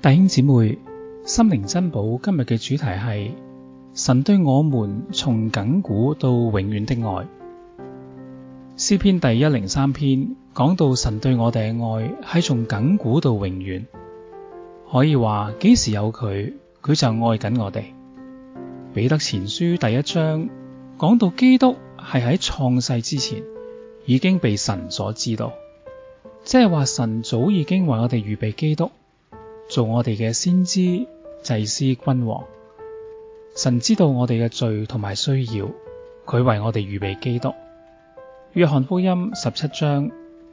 弟兄姊妹，心靈珍寶今日嘅主題係神對我們從亙古到永遠的愛。詩篇第一零三篇講到神對我哋嘅愛係從亙古到永遠，可以話幾時有佢，佢就愛緊我哋。彼得前書第一章講到基督係喺創世之前已經被神所知道，即係話神早已經為我哋預備基督。做我哋嘅先知、祭司、君王。神知道我哋嘅罪同埋需要，佢為我哋預備基督。約翰福音十七章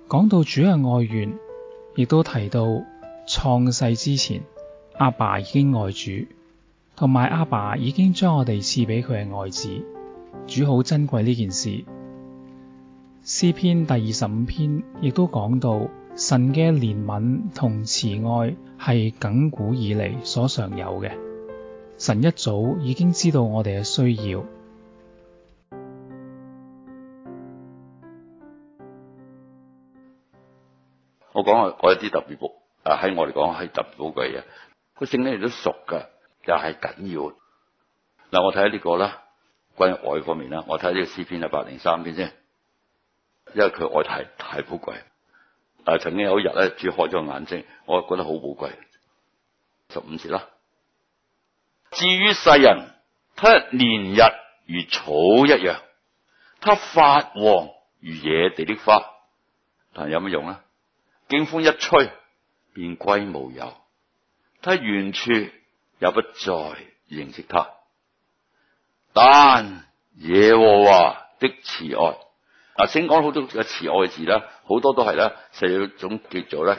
講到主嘅愛原，亦都提到創世之前，阿爸已經愛主，同埋阿爸已經將我哋賜俾佢嘅愛子。主好珍貴呢件事。詩篇第二十五篇亦都講到。神嘅憐憫同慈愛係亙古以嚟，所常有嘅，神一早已經知道我哋嘅需要。我講我一啲特別，啊喺我嚟講係特別寶貴嘅，個聖經你都熟噶，但係緊要。嗱，我睇下呢個啦，關於愛方面啦，我睇呢個詩篇啊，一百零三篇先，因為佢愛太太寶貴。但曾經有一日咧，主開咗眼睛，我覺得好寶貴。十五節啦。至於世人，他年日如草一樣，他發旺如野地的花，但有乜用啊？經風一吹，便歸無有。他原處又不再認識他，但耶和華的慈愛。啊先講好多嘅慈愛字咧，好多都係咧，係一種叫做咧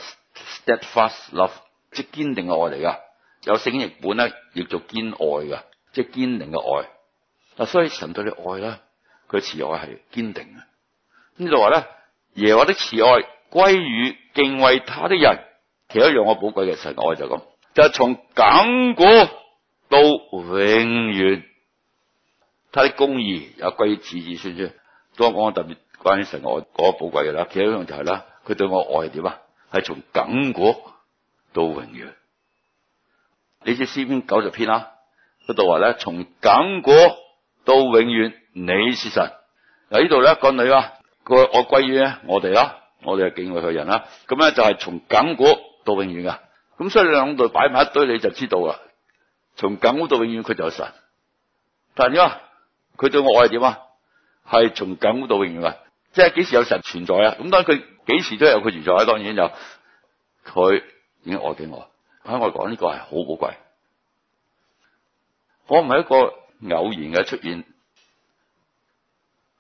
steadfast love，即係堅定嘅愛嚟噶。有聖經譯本咧，譯做堅愛，嘅，即係堅定嘅愛，嗱，所以神對你愛咧，佢嘅慈愛係堅定嘅。咁就話咧，耶和華的慈愛歸於敬畏他的人，其中一樣我寶貴嘅神愛就係咁，就係從亙古到永遠，他的公義也歸於子子孫孫。都講特別。關於神我嗰、那個寶貴嘅啦，其中一樣就係、是、啦，佢對我愛係點啊？係從亙古到永遠。你知詩篇九十篇啦，佢度話咧，從亙古到永遠，你是神。嗱，呢度咧個女啊，個愛歸於我哋啦，我哋係敬畏佢人啦。咁咧就係從亙古到永遠嘅。咁所以兩度擺埋一堆，你就知道啦。從亙古到永遠，佢就係神。但點啊？佢對我愛係點啊？係從亙古到永遠啊！即係幾時有神存在啊？咁當然佢幾時都有佢存在，當然就佢已經愛緊我。喺我講呢個係好寶貴，我唔係一個偶然嘅出現。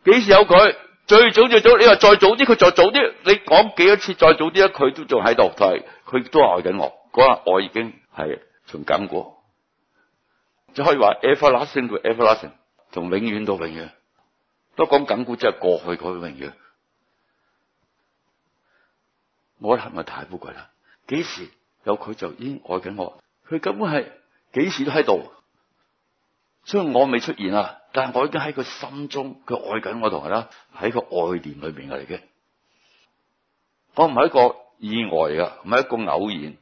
幾時有佢？最早最早，你話再早啲，佢再早啲，你講幾多次再早啲，佢都仲喺度，係佢都愛緊我。嗰日我已經係從亙古，就可以話 everlasting to everlasting，同永遠到永遠。都講緊亙古，即係過去佢永遠。我諗咪太寶貴啦！幾時有佢就已經愛緊我，佢根本係幾時都喺度。雖然我未出現啊，但係我已經喺佢心中，佢愛緊我同佢啦。喺個愛念裏邊嚟嘅，我唔係一個意外啊，唔係一個偶然。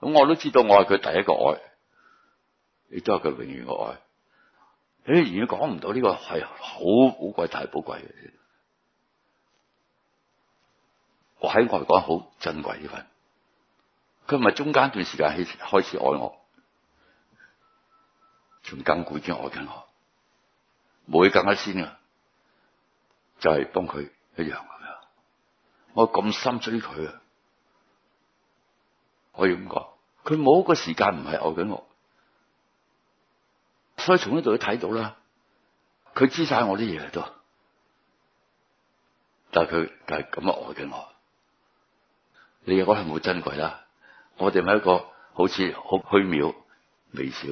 咁我都知道，我係佢第一個愛，亦都係佢永遠嘅愛。你言語講唔到呢個係好寶貴，太寶貴嘅。我喺外嚟講好珍貴呢份。佢唔係中間段時間起開始愛我，從亙古已經愛緊我，每更加先、就是、啊，就係幫佢一樣咁樣。我咁深追佢啊，可以咁講，佢冇一個時間唔係愛緊我。所以從呢度都睇到啦，佢知晒我啲嘢都，但係佢就係咁樣愛緊我。你又覺係冇珍貴啦，我哋係一個好似好虛渺、微小。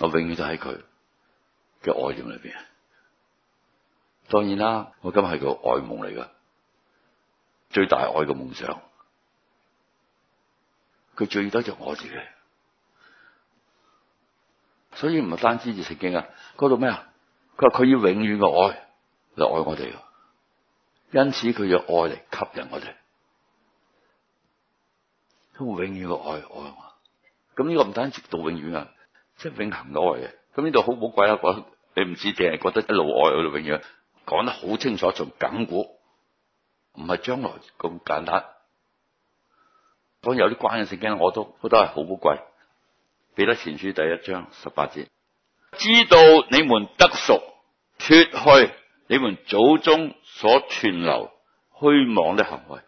我永遠都喺佢嘅愛念裏邊。當然啦，我今日係個愛夢嚟噶，最大愛嘅夢想，佢最多就我自己。所以唔係單止是聖經啊，嗰度咩啊？佢話佢要永遠嘅愛嚟愛我哋，因此佢用愛嚟吸引我哋，用永遠嘅愛愛我。咁呢個唔單止到永遠啊，即係永恆嘅愛。咁呢度好寶貴啦，講你唔知淨係覺得一路愛佢到永遠，講得好清楚，從亙古唔係將來咁簡單。講有啲關嘅聖經，我都，都覺得係好寶貴。彼得前書第一章十八節，知道你們得贖，脱去你們祖宗所傳流虛妄的行為，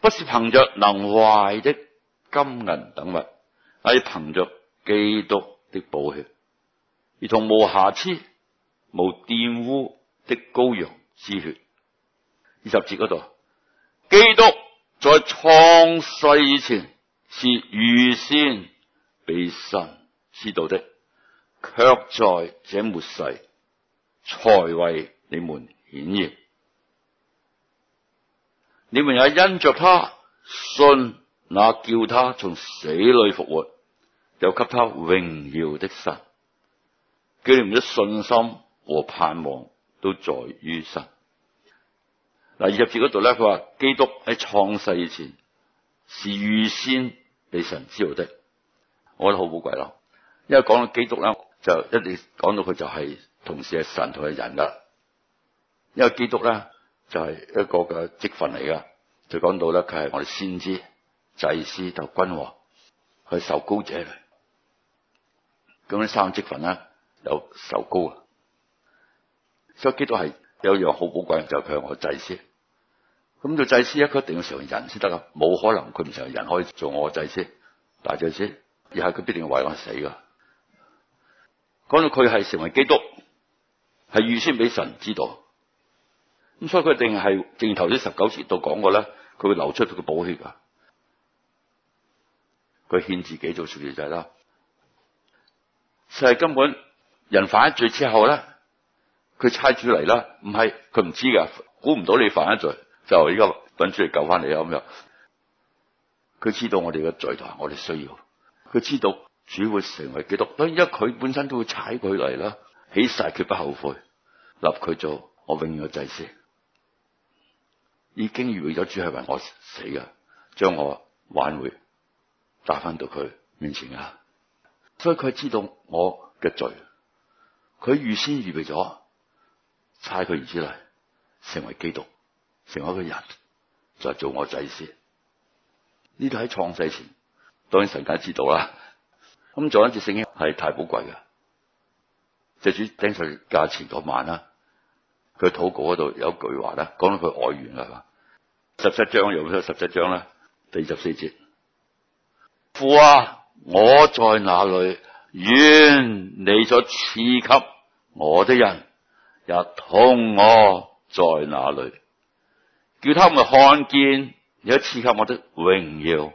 不是憑着能壞的金銀等物，係憑着基督的寶血，而同無瑕疵、無玷污的羔羊之血。二十節嗰度，基督在創世以前是預先。被神知道的，卻在這末世才為你們顯現。你們也因着他信那叫他從死裏復活、又給他榮耀的神，叫你們的信心和盼望都在於神。嗱，二十節度咧，佢話基督喺創世以前是預先被神知道的。我覺得好寶貴咯，因為講到基督咧，就一定講到佢就係同時係神同係人啦。因為基督咧就係一個嘅職分嚟噶，就講到咧佢係我哋先知、祭司、就君王，係受膏者嚟。咁呢三個職分咧有受膏，所以基督係有一樣好寶貴就係佢係我嘅祭司。咁做祭司咧，佢一定要成為人先得啦，冇可能佢唔成為人可以做我嘅祭司。大祭司。而係佢必定為我死噶。講到佢係成為基督，係預先俾神知道，咁所以佢定係正頭啲十九節都講過咧，佢會流出佢嘅寶血啊。佢獻自己做贖罪祭啦。就係、是、根本人犯咗罪之後咧，佢差住嚟啦，唔係佢唔知噶，估唔到你犯咗罪，就而家揾主嚟救翻你啊咁樣。佢知道我哋嘅罪同我哋需要。佢知道主會成為基督，所以因為佢本身都會踩佢嚟啦，起誓絕不後悔，立佢做我永遠嘅祭司。已經預備咗主係為我死嘅，將我挽回，帶翻到佢面前啊！所以佢知道我嘅罪，佢預先預備咗，踩佢兒子嚟，成為基督，成為一個人，就係、是、做我祭司。呢度，喺創世前。當然神家知道啦，咁再一次聖經係太寶貴嘅，借主頂上價錢咁萬啦，佢禱告嗰度有句話啦，講到佢外緣啦，係嘛十七章，有冇十七章啦，第十四節，父啊，我在哪裏？願你所賜給我的人也同我在哪裏，叫他們看見你所賜給我的榮耀。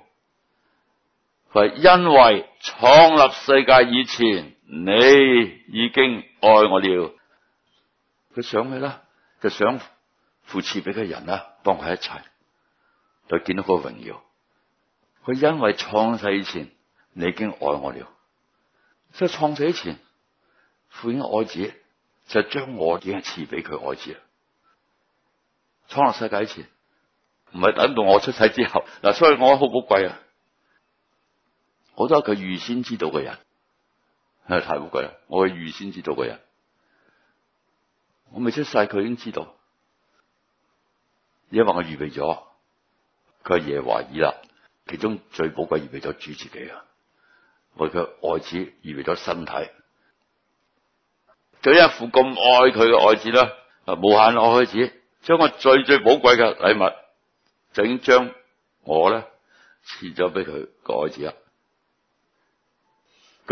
佢因為創立世界以前，你已經愛我了。佢想去啦？就想扶持俾佢人啦，幫佢一齊，就見到個榮耀。佢因為創世以前，你已經愛我了。即係創世以前，父已經愛子，就將我已經賜俾佢愛子啦。創立世界以前，唔係等到我出世之後嗱，所以我好寶貴啊。我都係佢預先知道嘅人，太寶貴啦！我係預先知道嘅人，我未出世佢已經知道，因為我預備咗。佢係耶華以勒，其中最寶貴預備咗主自己啊！為佢愛子預備咗身體，就一副咁愛佢嘅愛子咧，無限愛嘅愛子，將我最最寶貴嘅禮物，就已經將我咧賜咗俾佢個愛子啊！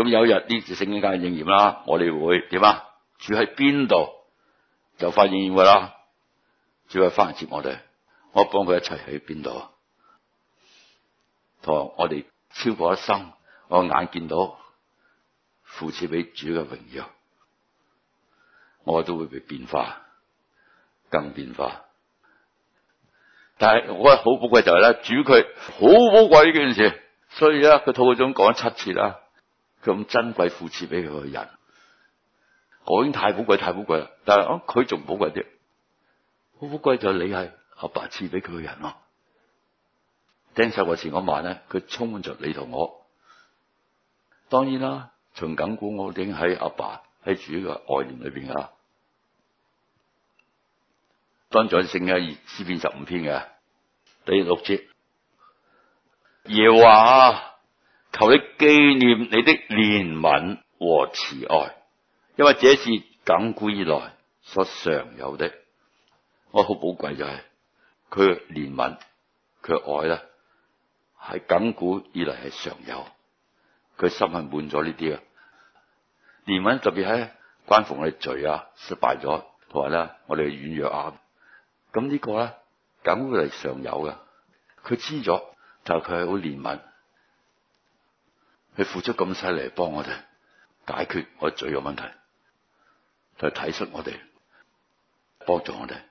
咁有一日啲聖經嘅應驗啦，我哋會點啊？主喺邊度就發現噶啦，主就翻嚟接我哋。我幫佢一齊去邊度？同我哋超過一生，我眼見到扶持俾主嘅榮耀，我都會被變化、更變化。但係我覺得好寶貴就係咧，主佢好寶貴呢件事，所以咧，佢禱告中講七次啦。咁珍貴、富賜俾佢個人，我已經太寶貴、太寶貴啦。但係啊，佢仲寶貴啲，好寶貴就你係阿爸賜俾佢個人咯。聽細話前嗰晚咧，佢充滿着你同我。當然啦，從亙古我已經喺阿爸喺主嘅愛念裏邊噶啦。當在聖嘅詩篇二十五篇嘅第六節，耶華。求你紀念你的憐憫和慈愛，因為這是亙古以來所常有的。我好寶貴就係佢憐憫佢愛咧，係亙古以嚟係常有。佢心係滿咗呢啲嘅憐憫，連特別喺關乎我哋罪啊失敗咗，同埋咧我哋軟弱啊。咁呢個咧亙古嚟常有噶，佢知咗，就係佢係好憐憫。佢付出咁犀利，幫我哋解決我罪惡問題，嚟體恤我哋，幫助我哋。